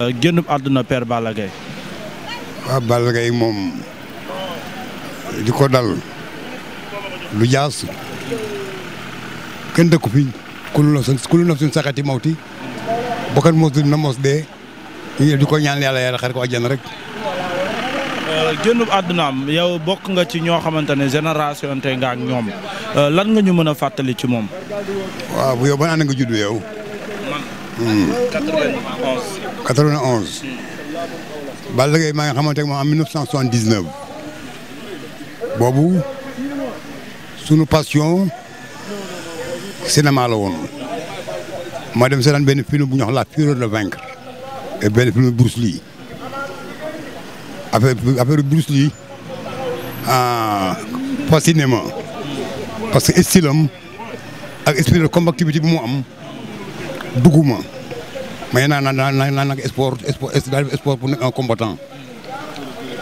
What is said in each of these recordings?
Euh, génnub àdduna Père Balla Gaye waaw moom di ko dal lu jaas kenn dëkku fi kullu nafsin kullu nafsin saxati mawti bakkan mos na mos dee ñu di ko ñaan yàlla yàlla xar ko àjjana rek euh, génnub àddunaam yow bokk nga ci ñoo xamante ne génération te nga ak ñoom euh, lan nga ñu mën a fàttali ci moom waaw bu yow ban ànd nga judd yow 91. 91. Balla maa nga xamante ne moom en 1979. boobu sunu passion cinéma la woon ma dem seetaan benn film bu ñu wax La Fureur de vaincre et benn film Bruce Lee affaire Bruce Lee ah parce que style am ak esprit bi mu am. dugguma may naa naa naa nag sport sport pour un combattant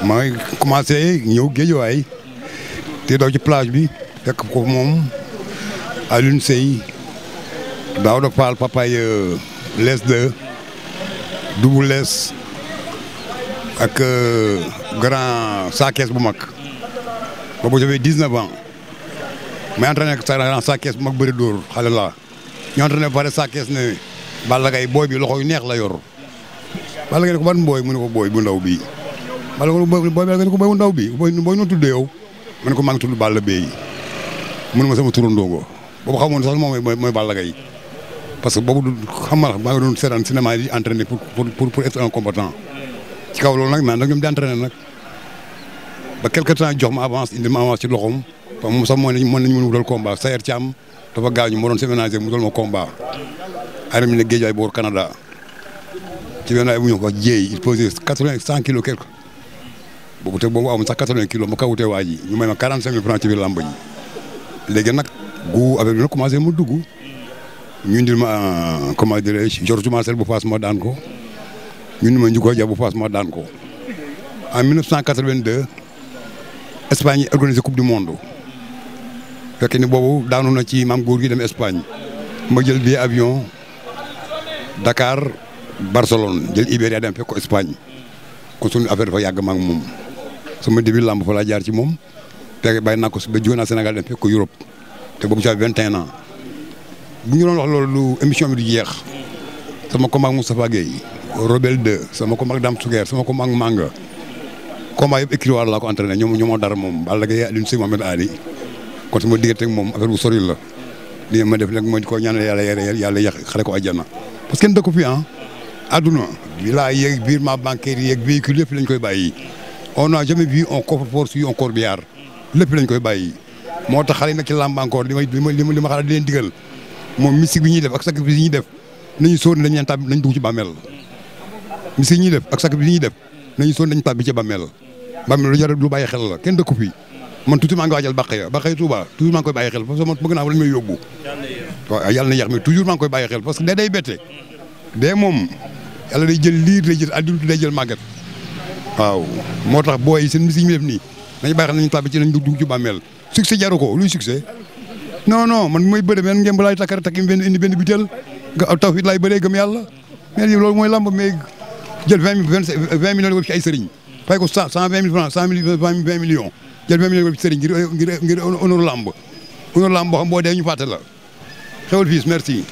ma commencé ñëw géejuwaay te daw ci plage bi fekk ko moom Alioune Seye daaw da Fall papay euh, les de double les ak euh, grand saakees bu mag boobu j'avais 19 ans may entraîné ak grand saakees bu mag bëri dóor xale laa ñoo ne pare sàkkees na Balla Gaye booy bi loxo yu neex la yor Balla Gaye ko ban booy mu ne ko booy bu ndaw bi Balla Gaye booy Balla ko booy bu ndaw bii booy booy noo tuddee yow ma ne ko maa ngi tudd Balla Bey mu ne ma sama turandoo boobu xamoon sax moom mooy mooy Balla Gaye parce que boobu du xam nga maa ngi doon seetaan cinéma di entraîner pour pour pour être un combattant ci kaw loolu nag mais ñoom di entraîner nag ba quelque temps jox ma avance indi ma avance ci loxoom moom sax moo ne mën nañu mën a wutal combat Sayer Thiam dafa gaañu moo doon séménagé mu doon ma combat arène bi ne géej waay boor Canada ci benn ay bu ñu ko jéey il pesait quatre-vingt cent kilos quelque boobu te boobu amul sax quatre-vingt kilos ma kawutee waa ji ñu may ma quarante cinq francs ci biir làmb ji léegi nag gu affaire bi nag commencé mu dugg ñu indil ma euh, comment dirais-je Georges Marcel bu Fass ma daan ko ñu indil ma Ndiouga Dia daan ko en 1982 Espagne organisé coupe du monde. fekk ni boobu daanu na ci maam góor gi dem Espagne ma jël bi avion Dakar Barcelone jël Iberia dem fekk ko kon suñu affaire dafa yàgg maak moom sama début làmb fa laa jaar ci moom te bàyyi naa ko ba jóge naa senegal dem fekk ko te boobu ci vingt et un bu ñu doon wax loolu émission bi du jeex sama ko mag Moustapha Gueye Robel 2 sama ko mag Dame Souguer sama combat ak Manga combat yëpp écrit laa ko entraîné ñoom ñoo dara moom Balla Gaye Alioune Sèye Mohamed Ali kon sama diggante ak moom a bu sori la li ma def nag moo ko ñaanal yàlla yàlla yàlla yàq xale ko àjjana parce que kenn fi ah adduna villa yeeg virement bancaire yeeg véhicule lépp lañ koy bàyyi on n'a jamais vu un coffre-fort sur un corbillard lépp lañ koy bay moo tax xale yi nag ci làmb di leen digal moom mystique bi ñuy def ak sacrifice yi ñuy def nañu sóor dañ leen tàbbi nañ dugg ci bàmmeel mystique yi ñuy def ak sacrifice yi ñuy def nañu sóor dañ tàbbi ci bàmmeel bàmmeel lu jar lu bàyyi xel la kenn dëkku fi man toujours maa ngi waajal Bakhaya Bakhaya Touba toujours maa ngi koy bàyyi xel parce que man bëgg naa fa lañ may yóbbu waaw yàlla na yeex mais toujours maa ngi koy bàyyi xel parce que day day bette day moom yàlla day jël liir day jël adulte day jël màggat waaw moo tax booy yi seen musique mi def nii nañu bàyyi xel nañu tàbbi ci nañ dugg ci bàmmeel succès jaru ko luy succès non non man mooy bëre men ngeen ba laay takkar takk benn indi benn butéel nga taw fit laay bëree gëm yàlla mais loolu mooy lamb mais jël vingt mille vingt vingt millions ci ay sëriñ fay ko cent cent vingt mille francs cent mille vingt millions jël même million bi sëriñ ngir ngir ngir honneur lamb honneur lamb boo dee ñu fàtte la fiis merci